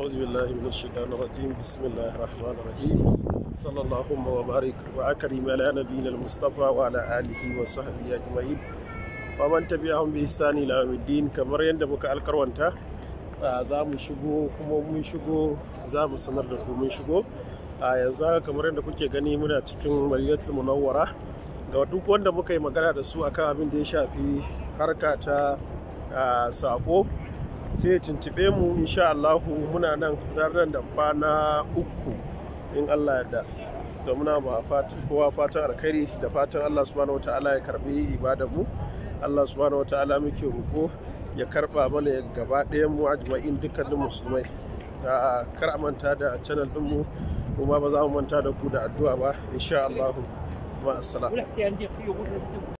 أعوذ بالله من الشيطان الرجيم بسم الله الرحمن الرحيم صلى وبارك وأكرم على نبينا المصطفى وعلى آله وصحبه أجمعين ومن تبعهم بإحسان إلى يوم الدين كما يندبك الكروانتا shigo kuma mun shigo za mu sanar da ku mun shigo a yanzu kamar yadda kuke gani muna cikin maliyatul munawwara ga duk wanda muka yi magana da su akan abin da ya shafi harka ta sako sai tuntube mu insha Allahu muna nan ranar da kwana uku in Allah yarda da muna ba kowa fatan alkhairi da fatan Allah subhanahu wataala ya karbi ibadar mu Allah subhanahu wataala muke roko ya karba mana ya gaba ɗaya mu ajma'in dukkanin musulmai ta kar manta da channel din mu kuma ba za mu manta da ku da addu'a ba insha Allah ma